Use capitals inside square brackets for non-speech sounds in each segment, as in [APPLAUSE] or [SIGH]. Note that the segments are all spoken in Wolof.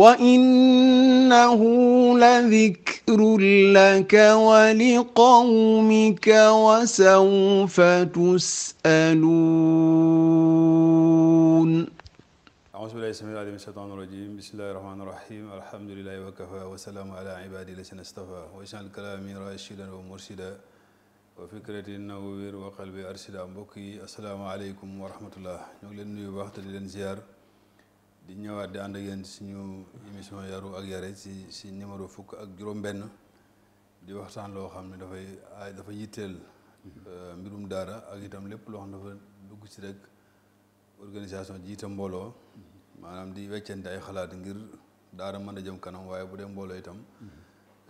وإنه لذكر لك ولقومك وسوف تسألون أعوذ بالله السميع العليم من الشيطان الرجيم بسم الله الرحمن الرحيم الحمد لله وكفى وسلام على عباده الذين اصطفى واجعل كلامي راشدا ومرشدا وفكرتي نوير وقلبي أرشدا mbokk yi asalaamaaleykum wa rahmatullah ñoo ngi leen nuyu baax te di leen ziar di ñëwaat di ànd ak yéen suñu émission yaru ak yare si si numéro fukk ak juróom-benn di waxtaan loo xam ne dafay dafa yitteel mhm. euh, mbirum daara ak itam lépp loo xam ne dafa dugg si rek organisation jiite mbooloo mhm. maanaam di weccante ay xalaat ngir daara mën a jëm kanam waaye bu dee mbooloo itam mhm.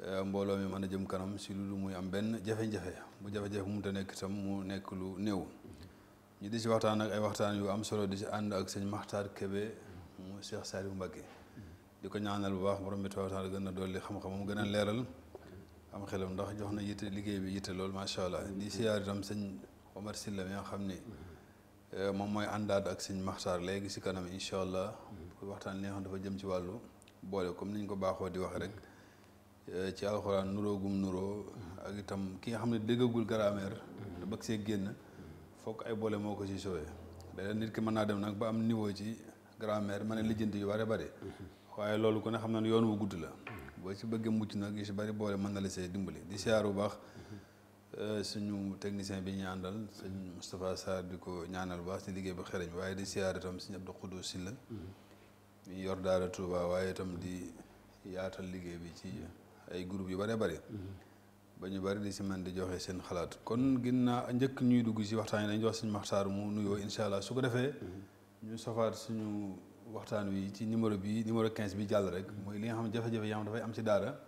euh, mbooloo mi mën a jëm kanam si lu muy am benn jafe-jafe bu jafe-jafe mu ta nekk itam mu nekk lu néew ñu di si waxtaan ak ay waxtaan yu am solo di si ànd ak sëñ Maxtaar Kébé mu Cheikh Saliou Mbacké di ko ñaanal bu baax borom bi taala gën a dolli xam-xamam xam gën a leeral am xelam ndax jox na yitte liggéey bi yitte loolu macha allah di siyaar itam sëñ Omar Sylla mi nga xam ni eh, moom mooy àndaat ak sëñ Maxtaar léegi si kanam incha allah pour waxtaan li dafa jëm ci wàllu boole comme niñ ko baaxoo di wax rek eh, ci alxuraan nuroogum nuroo ak itam ki nga xam ne déggagul grammaire da bëgg see génn fokk ay boole moo ko si sowee grammaire mën a lijjanti yu bare bare waaye loolu ku ne xam na ne yoon wu gudd la boo ci bëggee mucc nag yu si bari boole mën na la see dimbali di siyaar bu baax euh, suñu technicien bi ñu àndal sëñ Moustapha di ko ñaanal baax ci liggéey bu xereñ waaye di siyaar itam sëñ Abdou Khoudous la mi yor daara Touba waaye itam di yaatal liggéey bi ci ay groupe yu bare bare ba ñu bari di si man di joxe seen xalaat kon ginnaaw njëkk ñuy dugg si waxtaan yi dañuy jox sëñ Maxtaar mu incha allah su ko defee ñu safaat suñu waxtaan wi ci numéro bi numéro 15 bi jàll rek mooy li nga xam jafe-jafe yi xam dafay am ci daara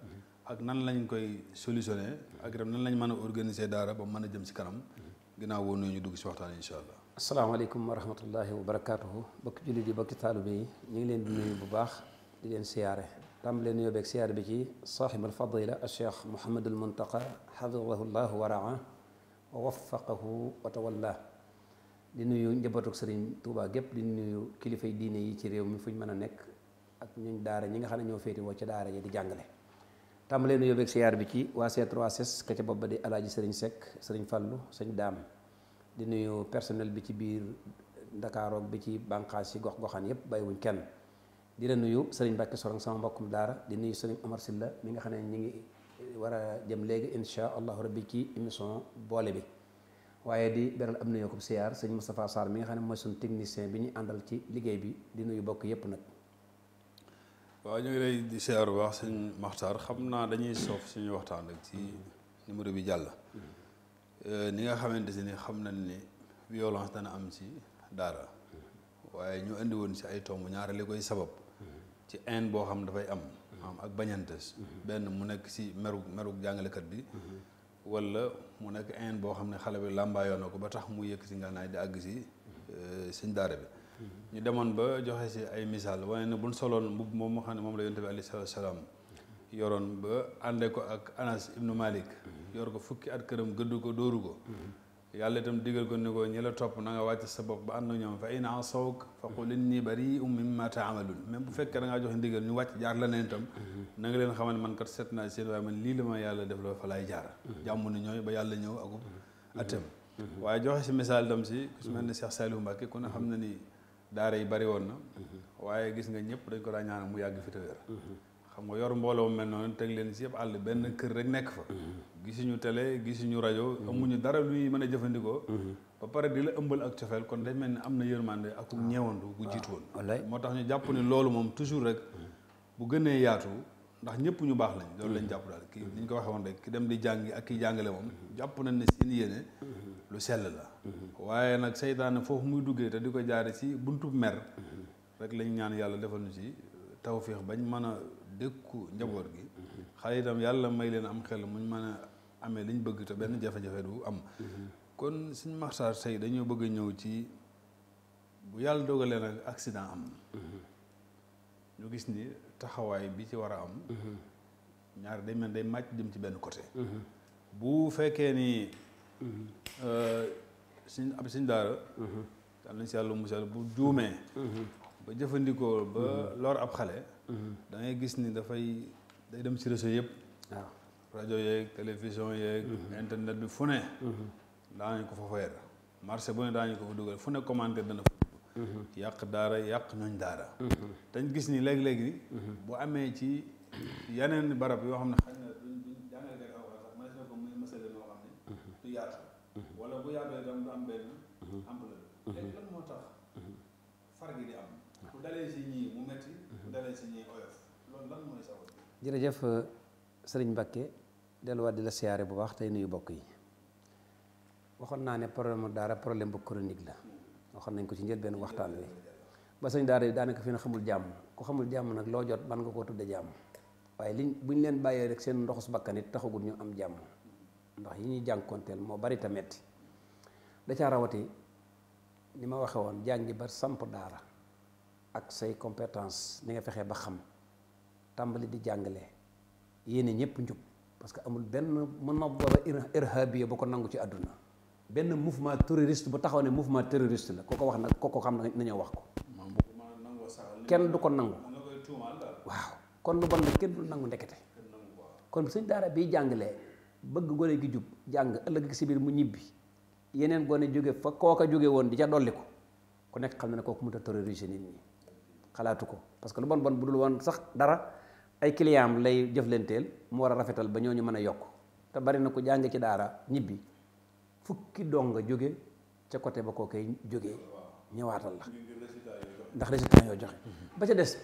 ak nan lañ koy solutionné ak itam nan lañ mën a organiser daara ba mën a jëm si kanam ginnaaw woon ñu dugg si waxtaan yi incha allah. asalaamaaleykum wa rahmatullahi wa barakaatuhu bokki jullit yi bokki taalibe yi ñu ngi leen di nuyu bu baax di leen siyaare tàmbale nuyoo beeg siyaare bi ci saaxibal fadila al cheikh Mouhamadul Muntaqa xafidahu llahu wa raa wa waffaqahu wa tawallah di nuyu njabootuk sëriñ Touba gépp di nuyu kilifay diine yi ci réew mi fu ñu mën a nekk ak ñu daara ñi nga xam ne ñoo féeti woo ci daara yi di jàngale tàmbalee nuyu beeg siyaar bi ci waa C3S bopp ba di alaaji sëriñ Seck sëriñ Fallu sëñ Daam di nuyu personnel bi ci biir Ndakaaroog bi ci bànqaas yi gox-goxaan yépp bàyyiwuñ kenn di la nuyu sëriñ Mbàkke Sorong sama mbokkum daara di nuyu sëriñ Omar Silla mi nga xam ne ñi ngi war a jëm léegi insha allahu rabbi ci émission boole bi waaye di beral am nuyoo ko siyaar sëñ Moustapha Sarr mi nga xam ne mooy suñu technicien bi ñu àndal ci liggéey bi di nuyu bokk yépp nag. waaw ñu ngi lay di siyaar bu baax sëñ naa dañuy soof suñu waxtaan rek ci numéro bi jàll. Euh, ni nga xamante si xam nañ ni violence am ci daara waaye ñu indi woon si ay tomb ñaari li koy sabab. ci haine boo xam dafay am. am ak bañantes benn mu nekk si merug merug jàngalekat bi. wala mu nekk inde boo xam ne xale bi làmbaayoo na ko ba tax mu yëkk si ngànnaay di àgg si euh, sëñ daara bi mhm. ñu demoon ba joxe si ay misaal wane ne buñ soloon mbubb moom moo xam ne moom la yonent bi alayhi salaatu salaam yoroon ba àndee ko ak Anas ibnu Malik mhm. yor ko fukki at këram gëdd ko dóoru ko mhm. yàlla itam digal ko ni ko ñi la topp na nga wàcc sa bopp ba ànd na ñoom fa in asawk fa qul inni bari'un mimma ta'malun même bu fekkee dangaa ngaa joxe ndigal ñu wàcc jaar la neen itam na nga leen xamal man kat seet naa seen waaye man lii la ma yàlla def la fa laay jaar jàmm na ñooy ba yàlla ñëw akub atam waaye joxe si misaal itam si ku si mel ne Cheikh Saliou Mbacke ku ne xam na ni daara yi bari woon na waaye gis nga ñëpp dañ ko daa ñaanal mu yàgg fi te xam nga yor mbooloo mel noonu teg leen si yëpp àll benn kër rek nekk fa. gisuñu télé gisuñu rajo. Mhm. ñu dara luy mën a jëfandikoo. Mhm. ba pare di la ëmbal ak cofeel kon day mel ni am na yërmande ak ah. ñeewantu bu jiitu woon. Ah, moo tax ñu jàpp ni loolu moom toujours rek. Mhm. bu gënee yaatu ndax ñëpp ñu baax lañ. loolu lañ jàpp daal kii ni ñu ko waxee woon rek ki dem di jàngi ak ki jàngale moom. jàpp nañ ne seen yéene. lu sell la. waaye nag seytaane foofu muy duggee te di ko jaare si buntu mer. rek lañ ñaan yàlla defal ñu si tawféex bañ mën a dëkku njaboot gi xale itam yàlla may leen am xel muñ mën a amee liñ bëgg te benn jafe-jafe du am kon suñ maxtaar tey dañoo bëgg ñëw ci bu yàlla dogalee nag accident am ñu gis ni taxawaay bi ci war a am ñaar day mel day màcc jëm ci benn côté bu fekkee ni euh, suñ ab suñ daara am nañ si yàlla musal bu juumee ba jëfandikoo ba mm-hmm. lor ab xale mm-hmm. da ngay gis ni dafay day dem si réseau yëpp waaw rajo yeeg télévision yeeg mm-hmm. internet bi fu ne daañu ko fa weer marché bu ne daañu ko fa dugal fu ne commentaire dana fa dugg yàq daara yàq ñooñ daara dañ gis ni léegi-léegi bu amee ci yeneen barab yoo xam ne xëy na duñ jàngale ko wala sax mënees ko muy mësale loo xam ne du yaatu wala bu yaatoo itam du am benn ampleur léegi lan moo tax far gi di am dalee si mhm. jërëjëf euh, sëriñ mbakke delluwaat di la siyaare bu baax tey nuyu bokk yi waxoon naa ne problème daara problème bu chronique la waxoon nañ ko ci benn waxtaan wi ba sëñ daara yi daanaka fi na xamul jàmm ku xamul jàmm nag loo jot man nga koo tudde jàmm waaye liñ buñ leen bàyyee rek seen ndoxus bakkan it taxagul ñu am jàmm ndax yi ñuy jànkonteel moo bari ta metti da caa rawati ni ma waxe woon jàngi ba samp daara ak say compétence ni nga fexee ba xam tàmbali di jàngale yéene ñëpp njub parce que amul benn mën manawara irhabiya bu ko nangu ci àdduna benn mouvement terroriste bu taxaw ne mouvement terroriste la ko ko wax nag ko ko xam na ñoo wax ko kenn du ko nangu waaw kon lu ndekete kon suñ daara bi jàngalee bëgg gone gi jub jàng ëllëg si biir mu ñibbi yeneen gone jóge fa kooka jóge woon di ca ko ku nekk xam na ne kooku mënut a terroriser nit ñi xalaatu ko parce que lu bon bon bu dul woon sax dara ay client am lay jëflanteel mu war a rafetal ba ñoo ñu mën a yokk te bari na ko jàng ci daara ñibbi fukki donga jóge ca côté ba koo koy jógee ñëwaatal la ndax résultat yoo joxe ba ca des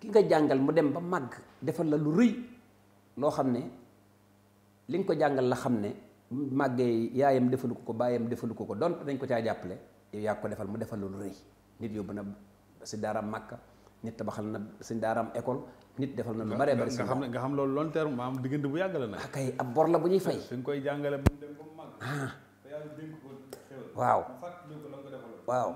ki nga jàngal mu dem ba màgg defal la lu rëy loo xam ne li nga ko jàngal la xam ne màggee yaayam defalu ko ko baayam defalu ko ko donte dañ ko caa jàppale yow yaa ko defal mu defal lu rëy nit yóbbu na sëñ daaraam màkka nit tabaxal na sëñ daaram école nit defal na lu bare bare nga xam ne nga xam loolu long terme maam diggante bu yàgg la nag kay ab bor la bu ñuy fay suñ koy jàngale bu dem ba mu mag ah. waaw waaw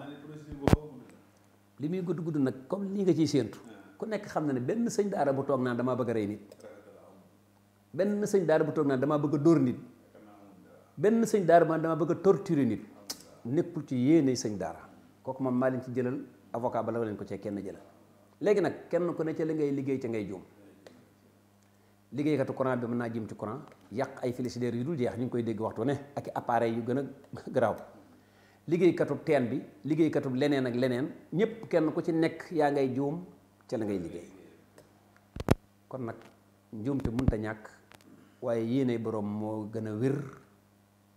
li muy gudd gudd nag comme lii nga ciy séentu ah. ku nekk xam na ne benn sëñ daara bu toog naan damaa bëgg rey nit benn sëñ daara bu toog naan damaa bëgg a dóor nit benn sëñ daara bu naan damaa bëgg a torturer nit nekkul ci yéene sëñ daara kooku moom maa leen ci jëlal avocat ba la leen ko cee kenn jëla léegi nag kenn ku ne ca li ngay liggéey ca ngay juum liggéeykatu courant bi mën naa jëm ci courant yàq ay frigidaire yu dul jeex ñu ngi koy dégg waxtu ne ak i yu gën a [LAUGHS] garaaw liggéeykatu teen bi liggéeykatu leneen ak leneen ñëpp kenn ku ci nekk yaa ngay juum ca la ngay liggéey kon nag njuumte mënta ñàkk waaye yéene boroom moo gën a wér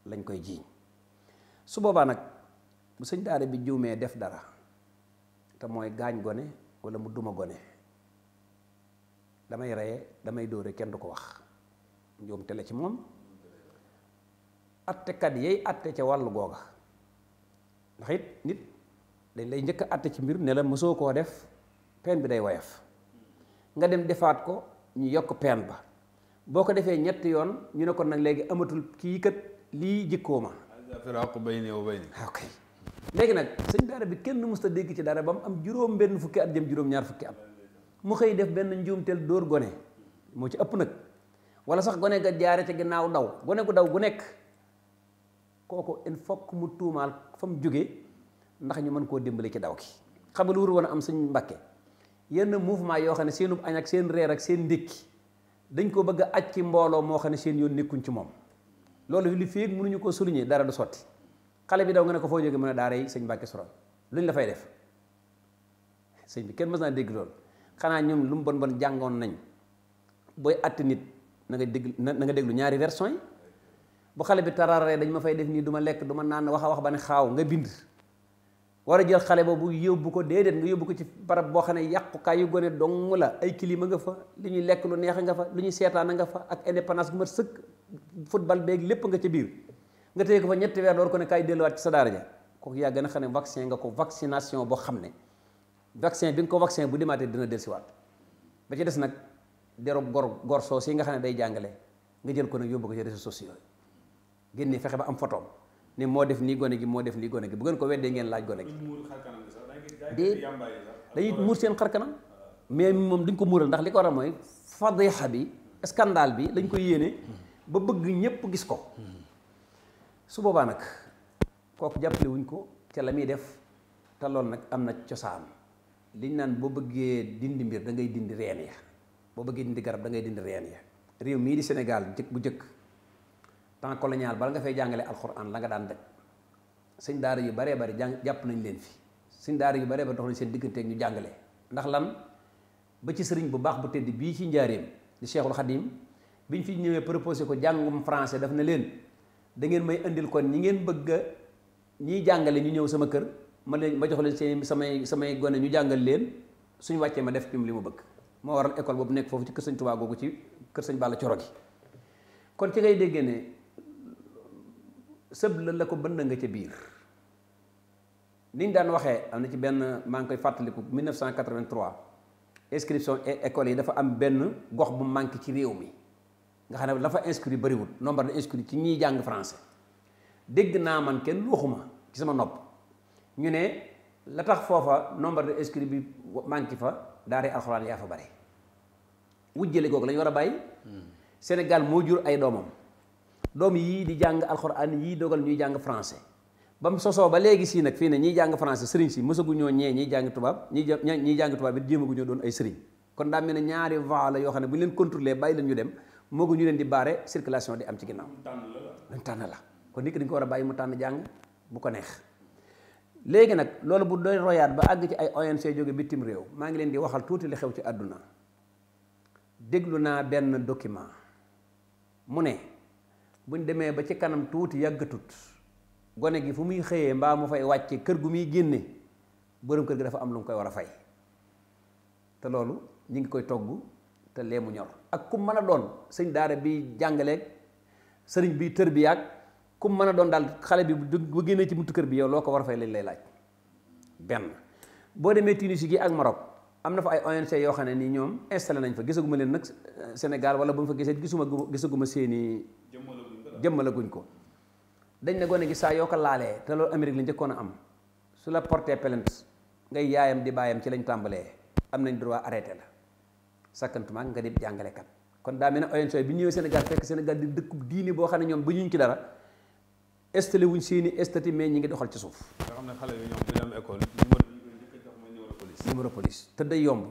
lañ koy jiiñ su boobaa nag bu sëñ daara bi juumee def dara te mooy gaañ gone wala mu duma gone damay reye damay dóore kenn du ko wax njuum te la ci moom attekat yey atte ca wàllu googa ndax it nit dañ lay njëkk a atte ci mbir ne la mosoo koo def peen bi day woyof nga dem defaat ko ñu yokk peen ba boo ko defee ñetti yoon ñu ne ko nag léegi amatul kii kat lii jikkooma ah, ok léegi nag sëñ daara bi kenn mës dégg ci dara ba mu am juróom benn fukki at jëm juróom ñaar fukki at mu xëy def benn njuumteel dóor gone moo ci ëpp nag wala sax gone ga jaare ca ginnaaw daw gone gu daw gu nekk kooku il faut mu tuumaal fa mu jóge ndax ñu mën koo dimbali ci daw ki xam nga lu wër woon a am suñ mbakke yenn mouvement yoo xam ne seenub añ ak seen reer ak seen ndékki dañ ko bëgg a aj ci mbooloo moo xam ne seen yoon nekkuñ ci moom loolu li féeg mënuñu ko souligner dara du sotti xale bi daw nga ne ko foo jóge mën a daara yi sëñ Mbàkke lu ñu la fay def sëñ bi kenn mës naa dégg loolu xanaa ñoom lu mu bon bon jàngoon nañ booy àtt nit na nga déglu na nga déglu ñaari version yi bu xale bi tararee dañ ma fay def nii du lekk du ma naan wax a wax ba ne xaaw nga bind war a jël xale boobu yóbbu ko déedéet nga yóbbu ko ci barab boo xam ne yàqukaay yu gone dong la ay climat nga fa lu ñuy lekk lu neex nga fa lu ñuy seetaan nga fa ak indépendance bu ma sëkk football beeg lépp nga ca biir nga téye ko fa ñetti weer door ko ne kaay delluwaat ci sa daara ja kooku yaa gën a xam ne vaccin nga ko vaccination boo xam ne vaccin bi nga ko vaccin bu demaatee dina dellusiwaat ba ci des nag derub gor gor soos yi nga xam ne day jàngale nga jël ko nag yóbbu ko ci réseaux sociaux yi génne fexe ba am photoom ne moo def nii gone gi moo def nii gone gi bu ngeen ko weddee ngeen laaj gone gi di dañuy muur seen xarkanam mais moom dañ ko muural ndax li ko war a mooy fadiha bi scandale bi lañ koy yéene ba bëgg ñëpp gis ko su boobaa nag kooku jàppale wuñ ko ca la muy def te loolu nag am na cosaan liñ naan boo bëggee dindi mbir da ngay dindi reen ya boo bëggee dindi garab da ngay dindi reen ya réew mii di Sénégal jëkk bu jëkk temps colonial bala nga fay jàngale alxuraan la nga daan daj sëñ daar yu baree bari jàng jàpp nañ leen fi sëñ daar yu baree bari dox nañ seen digganteeg ñu jàngale ndax lan ba ci sëriñ bu baax bu tedd bii ci njaareem di Cheikhul Khadim biñ fi ñëwee proposé ko jàngum français daf na leen da ngeen may indil kon ñi ngeen bëgg a ñiy jàngale ñu ñëw sama kër ma leen ma jox leen seen samay samay gone ñu jàngal leen suñu wàccee ma def pim li ma bëgg moo waral école boobu nekk foofu ci kër sëñ Tuubaa googu ci kër sëñ Balla Coro gi kon ci ngay déggee ne sëb la la ko bënn nga ca biir ni ñu daan waxee am na ci benn maa ngi koy fàttaliku 1983 inscription école yi dafa am benn gox bu manqué ci réew mi nga xam ne la fa inscrit bëriwul nombre de inscrit ci ñiy jàng français dégg naa man kenn waxuma ci sama nopp ñu ne la tax foofa nombre de inscrit bi manqué fa daara alxuraan yaa fa bare wujjale googu la ñu war a bàyyi Sénégal moo jur ay doomam doom yii di jàng alxuraan yii dogal ñuy jàng français ba mu sosoo ba léegi sii nag fii ne ñiy jàng français sëriñ si mësagu ñoo ñee ñiy jàng tubaab ñiy jàng tubaab it jéemagu doon ay sëriñ kon daa mel ne ñaari voie la yoo xam ne bu leen contrôler bàyyi leen ñu dem moo ñu leen di baare circulation di am ci ginnaaw. luñ tànn la kon nit ki dañ ko war a bàyyi mu tànn jàng bu ko neex. léegi nag loolu bu doy royaat ba àgg ci ay ONC jóge bitim réew maa ngi leen di waxal tuuti li xew ci àdduna déglu naa benn document mu ne buñ demee ba ci kanam tuuti yàggatut gone gi fu muy xëyee mbaa mu fay wàcce kër gu muy génne borom kër gi dafa am lu mu koy war a fay te loolu ñu ngi koy togg te lee mu ñor ak ku mën a doon sëñ daara bi jàngaleeg sëriñ bi tër bi yàgg ku mën a doon daal xale bi bu génnee ci buntu kër bi yow loo ko war a fay lañ lay laaj benn boo demee Tunisie gi ak Maroc am na fa ay ONG yoo xam ne nii ñoom installé nañ fa gisaguma leen nag Sénégal wala bu ma fa gisee gisuma gisaguma seeni jëmmalaguñ ko dañ ne gone gis saa yoo ko laalee te loolu Amérique la njëkkoon a am su la porté plainte ngay yaayam di baayam ci lañ tàmbalee am nañ droit arrêté la sàkkantuma nga dib jàngalekat kon daa mel ne ONG bi ñëwee Sénégal fekk Sénégal di dëkk diine boo xam ne ñoom bu ñuñ ci dara estalé wuñ seeni estati mais ñi ngi doxal ci suuf nga xam ne xale yi ñoom te day yomb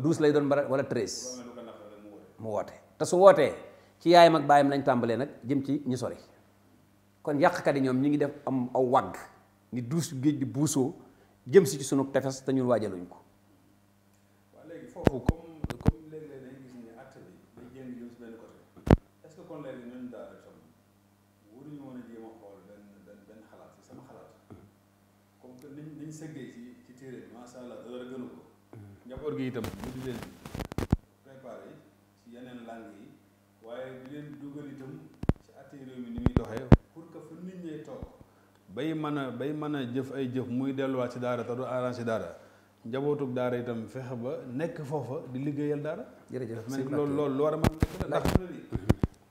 douze lay doon bara wala treize mu woote te su wootee ci yaayam ak baayam lañ tàmbalee nag jëm ci ñi sori kon yàqkat yi ñoom ñi ngi def am aw wàgg ni duus géej di buusoo jëm si ci sunu tefes te ñun waajaluñ ko njaboot gi itam yeneen langue waaye di leen dugal itam ni muy doxee pour que fu nit ñee bay mën bay mën a jëf ay jëf muy delluwaat ci daara te du daara njabootug daara itam fexe ba nekk foofa di liggéeyal daal jërëjëf si loolu loolu lu war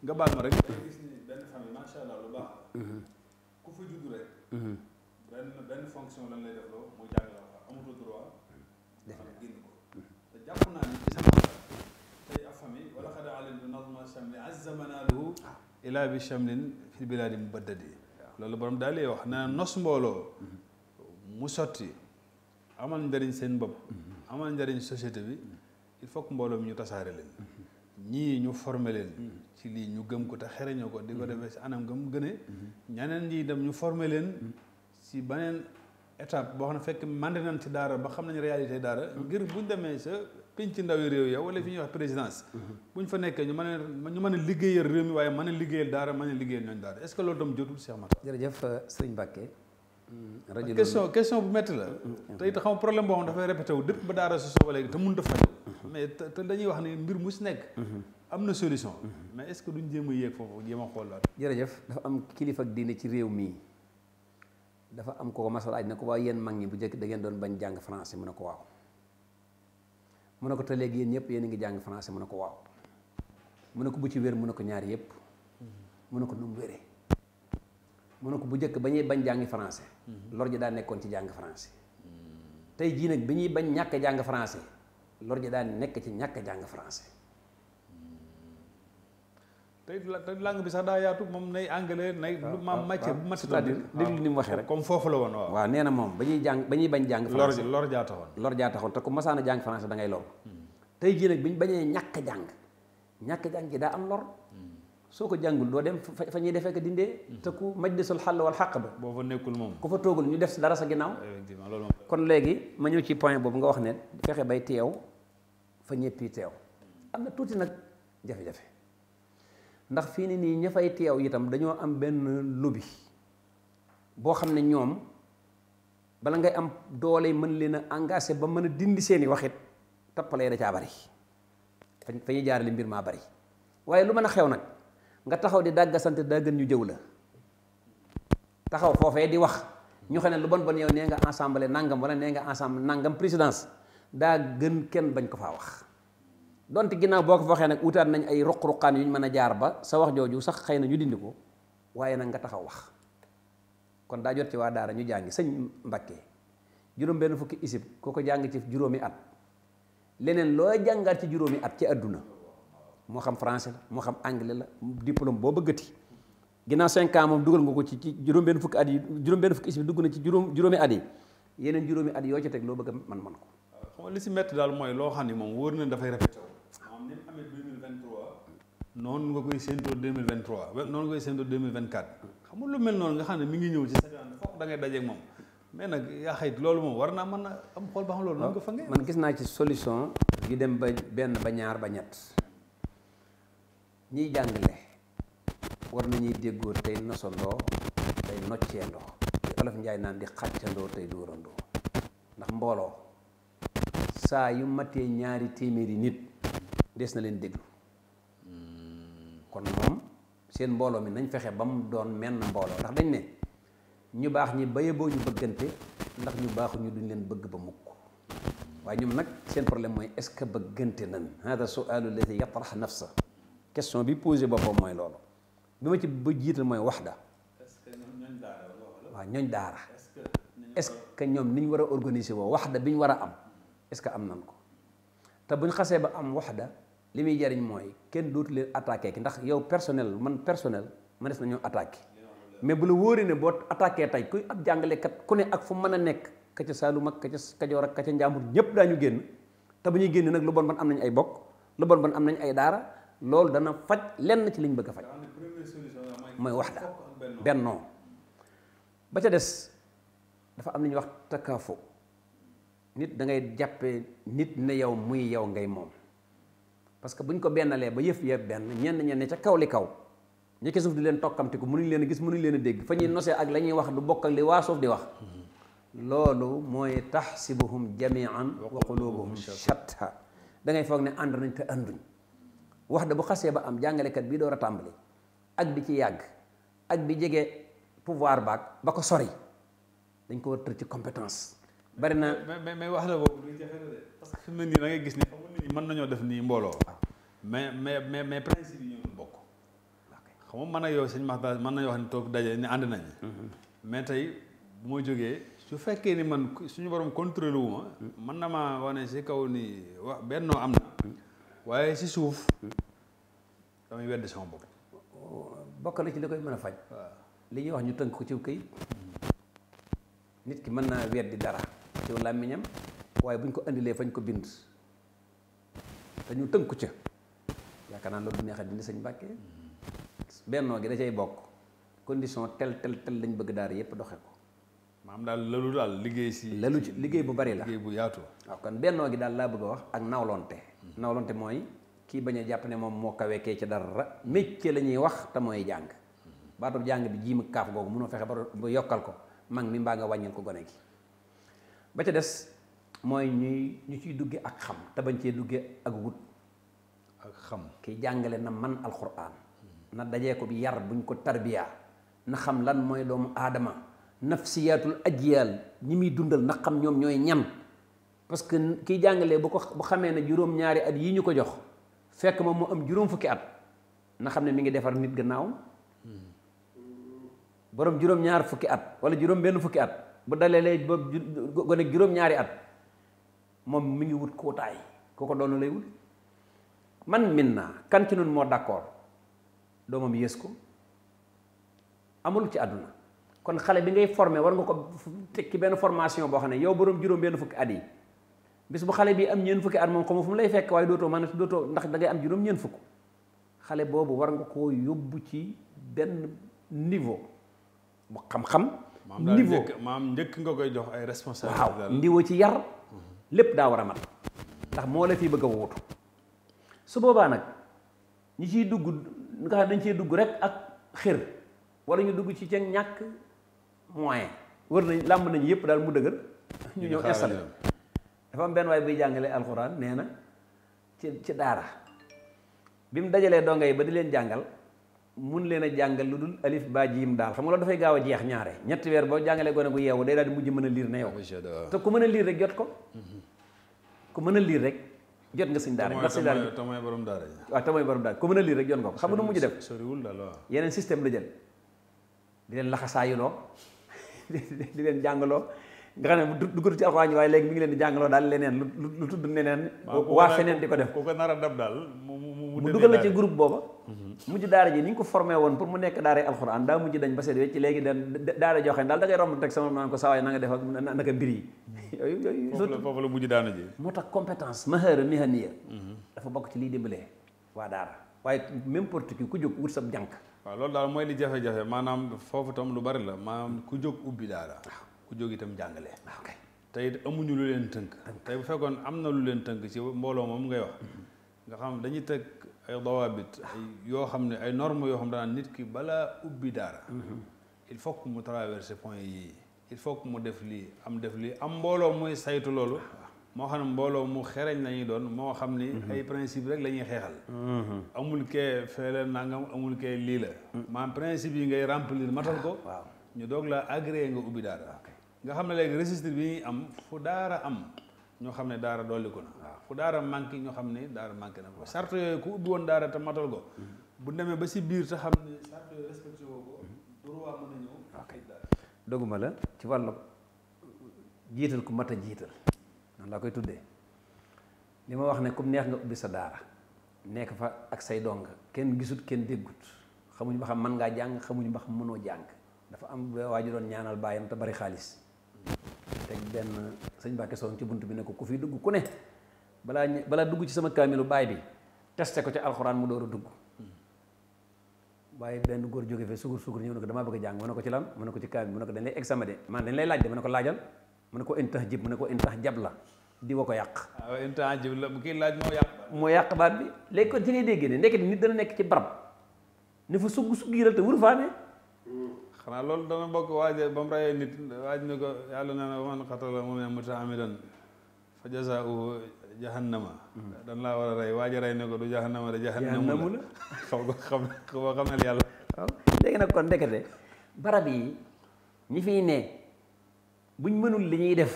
nga baal ma rek. gis ni benn famille macha allah lu baax la. Mhm. rek. Mhm. benn benn fonction lan lay def loo muy jàngal amatul droit. def na génn ko. jàpp naa ni ci sama tey ab famille wala xada alim bi nazma chamli azza ilaa bi chamlin fi bilaadi mubaddadi loolu borom daal di wax na nos mbooloo mu sotti amal njariñ seen bopp amal njariñ société bi il faut mbooloo mi ñu tasaare leen ñii ñu forme leen ci lii ñu gëm ko te xereñoo ko di ko defee si anam gëm gëne ñaneen ñi dem ñu formé leen si baneen état boo xam ne fekk màndi nañ ci daara ba xam nañ réalité daara ngir buñ demee sa pénc ndawi réew ya wala fi ñuy wax présidence buñ fa nekkee ñu mën a ñu mën a liggéeyal réew mi waaye mën a liggéeyal daara mën a liggéeyal ñooñ daara est-ce que loolu tam jotul Cheikh Makhtar jërëjëf euh, Serigne Mbacké mm, rajo question question bu métti la mm, te it xam problème boo xam dafay répété wu dëpp ba daara soo ba léegi te mënut a faj mm-hmm. mais te dañuy wax ne mbir mu si nekk mm-hmm. am na solution mm-hmm. mais est-ce que duñ jéem a yéeg foofu jéem a xool jërëjëf dafa am kilifa ak ci réew mii dafa am ko masal aj na ko waaw yéen mag ñi bu njëkk da doon bañ jàng français mu ne ko waaw mu ne ko te léegi yéen ñëpp yéen a ngi jàng français mu ne ko waaw mu ne ko bu ci wér mu ne ko ñaar yëpp mu ne ko nu mu wéree mu ne ko bu njëkk ba ñuy bañ jàngi français lor ji daa nekkoon ci jàng français tey jii nag bi ñuy bañ ñàkk jàng français lor ji daa nekk ci ñàkk jàng français tey langue bi sax daa yaatu moom nay anglais nay. Ah, maam matière bu mat c'est-à-dire déglu ni mu waxee rek. comme foofu la woon waaw. waaw nee na moom ba ñuy jàng ba ñuy bañ jàng. français lor lor jaa taxoon. lor jaa taxoon te a jàng français hmm. tey jii nag bi ñu bañee ñàkk a jàng ñàkk a jàng daa am lor. Hmm. soo ko jàngul doo dem fa ñuy defee ko dindee hmm. te ku majlisul xàll wal xàq ba boo fa nekkul moom ku fa toogul ñu def si dara sa ginnaaw kon léegi ma ñëw ci point boobu nga wax ne fexe bay teew fa ñëppi teew am na tuuti nag jafe-jafe ndax fii ni nii ña fay teew itam dañoo am benn lobby boo xam ne ñoom bala ngay am doole mën leen a engagé ba mën a dindi seeni waxit tappalee da caa bari fa ñuy jaarale mbir maa bari waaye lu mën a xew nag nga taxaw di dàgga sant dàggan ñu jëw la taxaw foofee di wax ñu xam ne lu bon bon yow nee nga assemblée nangam wala nee nga assemblée nangam présidence daa gën kenn bañ ko faa wax donte ginnaaw boo ko waxee nag wutaat nañ ay ruq-ruqaan ñu mën a jaar ba sa wax jooju sax xëy na ñu dindi ko waaye nag nga taxaw wax kon daa jot ci waa daara ñu jàngi sëñ Mbakke juróom benn fukki isib koo ko jàng ci juróomi at leneen loo jàngaat ci juróomi at ci àdduna moo xam français la moo xam anglais la diplôme boo bëggati ginnaaw cinq ans moom dugal nga ko ci ci juróom benn fukki at yi juróom benn fukki isib dugg ci juróom juróomi at yi yeneen juróomi at yoo ci teg loo bëgg man man ko xam nga li si métti daal mooy loo xam ne moom wóor na dafay répété ni mu amee deux mille vingt trois. noonu nga koy séentoo deux mille vingt trois noonu nga koy séentoo deux mille vingt quatre xam lu mel noonu nga xam ne mu ngi ñëw ci sa yoon foog da ngay moom mais nag yaa xayit loolu moom war naa mën a am xool ba xam loolu. man gis naa ci solution. yu dem ba benn ba ñaar ba ñett ñiy jàngale war na nañuy déggoo tey nosandoo tey nocceendoo li olof njaay naan di xàccandoo tey dóorandoo ndax mbooloo saa yu matee ñaari téeméeri nit. des na leen déglu kon moom seen mbooloo mi nañ fexe ba mu doon menn mbooloo ndax dañ ne ñu baax ñi ba yeboo ñu bëggante ndax ñu ñu duñ leen bëgg ba mukk waaye ñoom nag seen problème mooy est-ce que bëggante nañ hada sualu alladi yatrax nafsa question bi posé boppam mooy loolu bi ma ci ba jiital mooy wax waxda waaw ñooñ daara est-ce que ñoom niñ war a organiser woo da biñ war a am est-ce que am nan ko te buñ xasee ba am waxda li muy jariñ mooy kenn dootu leen attaqué ki ndax yow personnel man personnel man des na ñoo attaqué mais bu la wóoree ne boo attaqué tey kuy ab jàngalekat ku ne ak fu mën a nekk ka ca Saalum ka ca Kajoor ak ka ca Njàmbur ñëpp génn te bu ñuy génn nag lu bon bon am nañu ay bokk lu bon bon am nañu ay daara loolu dana faj lenn ci liñ bëgg a faj mooy wax da bennoo ba ca des dafa am lu ñuy wax takafo nit da ngay jàppee nit ne yow muy yow ngay moom parce que buñ ko bennalee ba yëf yëpp benn ñenn ñenn ca kaw li kaw ñi ci suuf di leen tokkamtiku mënuñ leen gis gis mënuñ leen dégg fa ñuy nosee ak la ñuy wax du bokk ak li waa suuf di wax loolu mooy taxsibuhum jamian wa qulubuhum shatta da ngay foog ne ànd nañ te ànduñ wax da bu xasee ba am jàngalekat bii doo a tàmbali ak bi ci yàgg ak bi jege pouvoir baag ba ko sori dañ ko war tër ci compétence bari na mais mais wax la boobu du jafe parce que fi mu ne nii da ngay gis ne mën nañoo def nii mbooloo mais mais mais mais principe yi ñoo bokk. xam nga man ak yow sëñ Maxtaar mën nañu wax ni toog daje ni ànd nañ mhm. mais tey bu ma jógee su fekkee ni man suñu borom contrôlé wu ma. mën na maa wane si kaw ni wax bennoo am na. waaye si suuf. damay wedd sama bopp. bokk na ci li koy mën a faj. li ñuy wax ñu tënk ko ci këy nit ki mën naa weddi dara ci làmmiñam waaye bu ñu ko indilee fañ ko bind te ñu tënku ca. xanaa loolu neex a dindi sëñ Mbàkke bennoo gi da cay bokk condition tel tel tel lañ bëgg daal yépp doxe ko maam daal lalu daal liggéey si lalu ci liggéey bu bari la bu yaatu waaw kon bennoo gi daal laa bëgg a wax ak nawlonte nawlonte mooy kii bañ a jàpp ne moom moo kawee kawekee ci dara métier la ñuy wax te mooy jàng baatub jàng bi jiima kaaf googu mënoo fexe ba yokkal ko mag mi mbaa nga wàññil ko gone gi ba ca des mooy ñuy ñu ciy dugge ak xam te bañ cee dugge ak wut ak xam ki jàngale na man alxuraan na dajee ko bi yar buñ ko tarbiya na xam lan mooy doomu aadama nafsiyatul ajiyal ñi muy dundal na xam ñoom ñooy ñan parce que kiy jàngalee bu ko bu xamee ne juróom-ñaari at yii ñu ko jox fekk ma mu am juróom fukki at na xam ne mi ngi defar nit gannaaw borom juróom-ñaar fukki at wala juróom benn fukki at bu dalee léegi ba gone juróom-ñaari at moom mi ngi wut kootaay ku ko doon lay wut man minna kan ci nun moo d'accord doomam yées ko amul ci àdduna kon xale bi ngay forme war nga ko tekki benn formation boo xam ne yow boroom juróom benn fukki at yi bis bu xale bi am ñeen fukki at moom mu lay fekk waaye dootoo man dootoo ndax da ngay am xale boobu war nga koo yóbbu ci benn niveau bu xam-xam niveau maam njëkk nga koy jox ay responsabilité waaw ndiwo ci yar lépp daa war a mat ndax moo la fii bëgg a wuutu su boobaa nag ñi ciy dugg nga xam dañ cee dugg rek ak xër wala ñu dugg ci seen ñàkk moyen wër nañ làmb nañ yëpp daal mu dëgër ñu ñëw installé dafa am benn waay buy jàngalee alxuraan nee na ci ci daara bi mu dajalee donga yi ba di leen jàngal mun leen jàngal lu dul alif ba jiim daal xam nga loolu dafay gaaw a jeex ñaare ñetti weer boo jàngalee gone gu yeewu day daal di mujj mën a liir na yow te ku mën a liir rek jot ko mhm. ku mën a liir rek jot nga sëñ daara ndax sëñ daara tamay borom daara waaw ah, tamay borom daara ku mën a lii rek jot nga ko xam nga nu mujj def soriwul daal waaw yeneen système la jël di leen laxasaayuloo [LAUGHS] di leen jàngaloo nga xam ne duggatu ci alxuraan waaye léegi mi ngi leen di jàngaloo daal leneen lu lu tudd leneen waa feneen di ko def ku ko nar a dab daal mu dugal la ci groupe booba mhm. mujj daara ji ni ñu ko formé woon pour mu nekk daara alxuraan ba seet ci léegi dan daara joo xam ne daal da ngay romb teg sama naan ko sawaay na nga def ak naka mbir yi mhm. yooyu foofu la mujj daana ji moo tax compétence mahara mihaniya mhm. dafa bokk ci liy dimbalee waa daara waaye même porte ki ku jóg wut sab jànq waaw loolu daal mooy li jafe-jafe maanaam foofu tam lu bari la maanaam ku jóg ubbi daara ku jóg itam jàngale. Ah, te it amuñu lu leen tënk. tey bu fekkoon am na lu leen tënk ci mbooloo moom ngay wax. Mm-hmm. nga xam dañuy teg ay dawaabit yoo xam ne ay normes yoo xam daan nit ki balaa ubbi daara. Mm-hmm. il faut que mu traverser point yii il faut mu def lii am def lii am mbooloo muy saytu loolu. Ah. moo xam ne mbooloo mu xereñ la ñuy doon moo xam ni mm-hmm. ay principe rek la ñuy xeexal amul kee feele nangam amul kee lii la maanaam principe yi ngay remplir matal ko ñu doog la agréé nga ubbi daara nga xam ne léegi registre bi ñuy am fu daara am ñoo xam ne daara dolliku na waaw fu daara manqué ñoo xam ne daara manqué na ko sart yooyu ku ubbi woon daara te matal ko hmm. bu demee ba si biir sa xam ne sart yooyu hmm. la ci wàllu jiital ku mat a jiital noonu laa koy tuddee li ma wax ne comme neex nga ubbi sa daara nekk fa ak say dong kenn gisut kenn déggut xamuñ ba xam mën ngaa jàng xamuñ ba xam mënoo jàng dafa am waa ji doon ñaanal bàyyam te bari xaalis teg benn sëñ Mbàkke Soon ci bunt bi ne ko ku fi dugg ku ne balaa balaa dugg ci sama kaamilu baay bi teste ko ci alxuraan mu door a dugg waaye benn góor jóge fee sugur sugur ñëw ne ko damaa bëgg a jàng mu ne ko ci lan mu ne ko ci kaamil mu ne ko dañ lay examen de man dañ lay laaj de mu ne ko laajal mu ne ko intax jib mu ne ko intax jab la di wa ko yàq waaw intax la bu kii laaj moo yàq moo yàq baat bi léegi kon ci ngay déggee ne ndekete nit nekk ci barab ne fa sugg sugg te wur xanaa loolu dana bokk waaje ba mu rayee nit waaj ne ko yàlla nee na man xatala mu'minan mutaamidan fa jazaa'uhu jahannama dan laa war a rey waaje rey ne ko du jahannama de jahannamu la [LAUGHS] xam ko xam ko xamel yàlla waaw léegi nag kon ndekete barab yi ñi fiy ne buñ mënul li ñuy def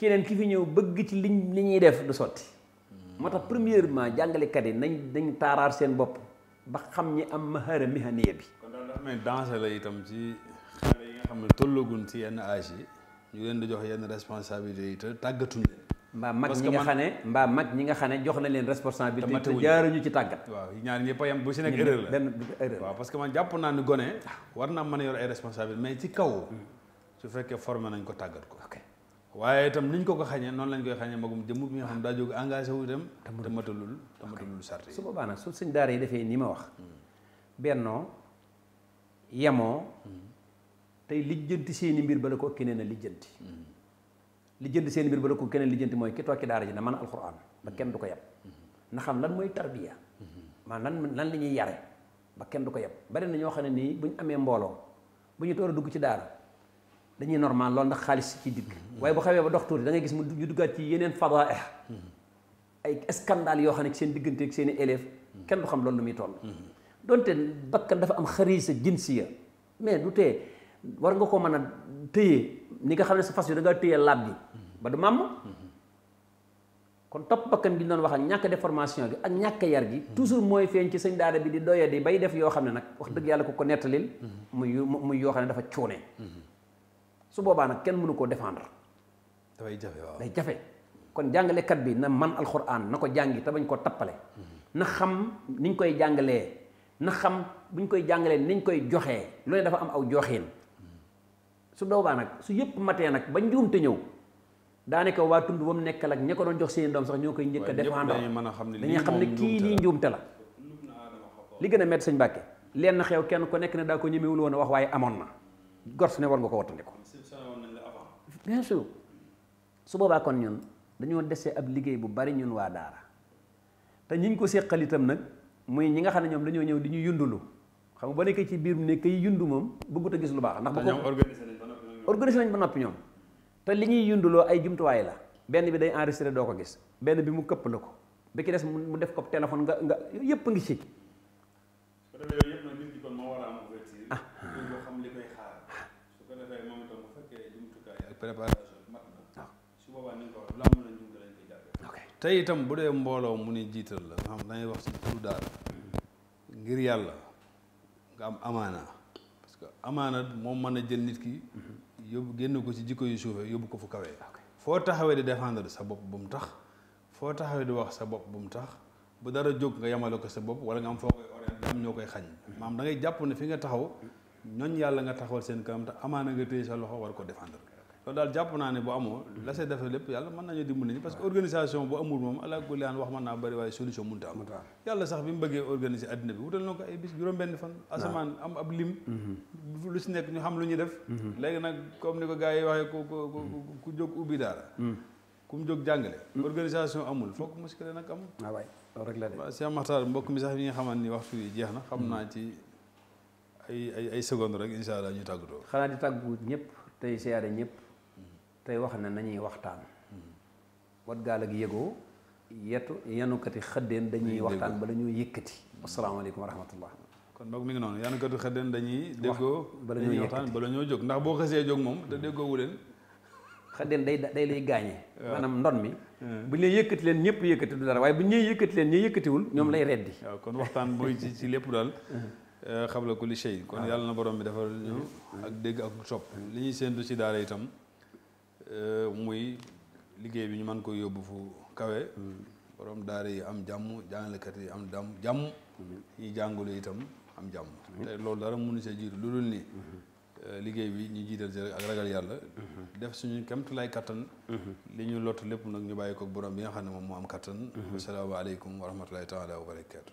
keneen ki fi ñëw bëgg ci liñ li ñuy def du sotti moo tax premièrement jàngalekat yi nañ dañ taaraar seen bopp ba xam ñi am mahara mihaniya bi mais danger la itam ci xale yi nga xam ne tollaguñ ci yenn âge yi ñu leen di jox yenn responsabilité yi tàggatuñ leen mbaa mag ñi nga xam ne mbaa mag ñi ne jox na leen responsabilité te jaaruñu ci tàggat waaw ñaar ñëpp a yem bu si nekk erreur la benn parce que man jàpp naa ni gone ah. war naa mën a yor ay responsabilité mais ci kaw hmm. su fekkee formé nañ ko tàggat ko waaye itam niñ ko ko xañee noonu lañ koy xañee magum jëmm bi nga xam daa jóg engagé wu dem te matalul te matalul sart yi su yi defee ni ma wax hmm. bennoo yemoo tey lijjanti seeni mbir la ko keneen a lijjanti lijjanti seeni mbir la ko keneen lijjanti mooy ki tokki daara ji na mën a alxuraan ba kenn du ko yab na xam lan mooy tarbiya maanaam lan lan la ñuy yare ba kenn du ko yab bari na ñoo xam ne nii bu ñu amee mbooloo bu ñu toor a dugg ci daara dañuy normal loolu ndax xaalis ci digg waaye bu xawee ba dox tuuti da ngay gis mu ñu duggaat ci yeneen fadaa'ih ay scandale yoo xam ne ci seen digganteeg seen i élèves kenn du xam loolu lu muy toll donte bakkan dafa am xariisa jinsiya mais du tee war nga ko mën a téye ni nga xam ne sa fas yu da nga téye laab bi ba du màmm kon topp bakkan gi ñu doon wax ak ñàkk déformation bi ak ñàkk yar gi toujours mooy feeñ ci sëñ daara bi di doya di bay def yoo xam ne nag wax dëgg yàlla ko ko nettalil mu muy yoo xam ne dafa cuune su boobaa nag kenn mënu koo défendre dafay jafe waaw day jafe kon jàngalekat bi na man alxuraan na ko jàngi te bañ koo tappale na xam niñ koy jàngalee na xam bu ñu koy jàngalee niñ koy joxee lu dafa am aw joxeen su boobaa nag su yëpp matee nag ba njuumte ñëw daanaka waa tund ba mu nekkal ak ña ko doon jox seen doom sax ñoo koy njëkk a défendre dañuy xam ne kii lii njuumte la li gën a met sëñ Mbàkke lenn xew kenn ku nekk ne daa ko ñemewul woon a wax waaye amoon na gor su ne war nga ko wattandiku bien sûr su boobaa kon ñun dañoo desee ab liggéey bu bari ñun waa daara te ñi ñu ko séqal itam nag muy ñi nga xam ne ñoom dañoo ñëw di ñu yundulu xam nga ba nekkee ci biir nekk yi yundu moom bëggut gis lu baax ndax ba ko organisé nañ ba noppi ñoom te li ñuy yunduloo ay jumtuwaay la benn bi day enregistré doo ko gis benn bi mu këpp la ko bi ki des mu def ko téléphone nga nga yëpp ngi ci tey itam bu dee mbooloo mu ni jiital la nga xam wax ci turu daal ngir yàlla nga am amaana parce que amaana moom mën a jël nit ki yóbbu génn ko si jikko yu suufee yóbbu ko fu kawee foo taxawee di défendre sa bopp bu mu tax foo taxawee di wax sa bopp bu mu tax bu dara jóg nga yemale ko sa bopp wala nga am foo koy ñoo koy xañ maam da ngay jàpp ne fi nga taxaw ñooñ yàlla nga taxawal seen kanam te amaana nga téye sa loxo war ko défendre loolu daal jàpp naa ne bu amoo la see defee lépp yàlla mën nañu dimbali parce que organisation bu amul moom ala kulli aan wax mën naa bëri waaye solution mënut a am yàlla sax bi mu bëggee organiser addina bi wutal na ko ay bis juróom-benn fan asamaan am ab lim mhm. lu si nekk ñu xam lu ñuy def mhm. léegi nag comme ni ko gars yi waxee ku ku ku mhm. jóg ubbi daal ku mu jóg jàngale organisation amul foog muskile nag am waaw ah waay loolu rek la de mbokk mi sax bi nga xamante ni waxtu yi jeex na xam naa ci ay ay ay seconde rek incha allah ñu tàggatoo xanaa di tàggu ñëpp tey siyaare ñëpp tey wax na nañuy waxtaan wat gaal ak yëgoo yetu yanukati xëddeen dañuy waxtaan bala ñuy yëkkati asalaamaaleykum wa rahmatullah kon boog mi ngi noonu yanukati xëddeen dañuy déggoo bala ñuy waxtaan bala ñoo jóg ndax boo xësee jóg moom te déggoo wu leen xëddeen day day lay gaañe maanaam ndon mi hmm. bu ñu lay yëkkati leen ñëpp yëkkati du dara waaye bu ñu lay yëkkati leen ñu yëkkatiwul ñoom lay reddi hmm. waaw kon waxtaan mooy si ci lépp daal xam hmm. eh, la ko li shay kon ah. yàlla na borom bi dafa ñu ak dégg ak sopp li ñuy séentu ci daara itam Euh, muy liggéey bi ñu mën ko yóbbu fu kawe hmm. borom daara yi am jàmm jàngalekat yi am dam jàmm hmm. yi jàngule itam am jàmm hmm. te loolu dara mënu see jiitu lu dul nii euh, liggéey bi ñu jiital si ak ragal yàlla def suñu kemtu lay kattan li ñu lott lépp nag ñu bàyyi ko borom bi nga xam ne moom moo am kattan asalaamaaleykum wa rahmatullahi taala wa barakatu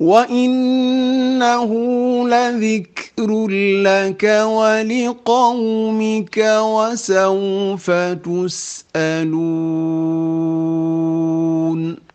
وإنه لذكر لك ولقومك وسوف تسألون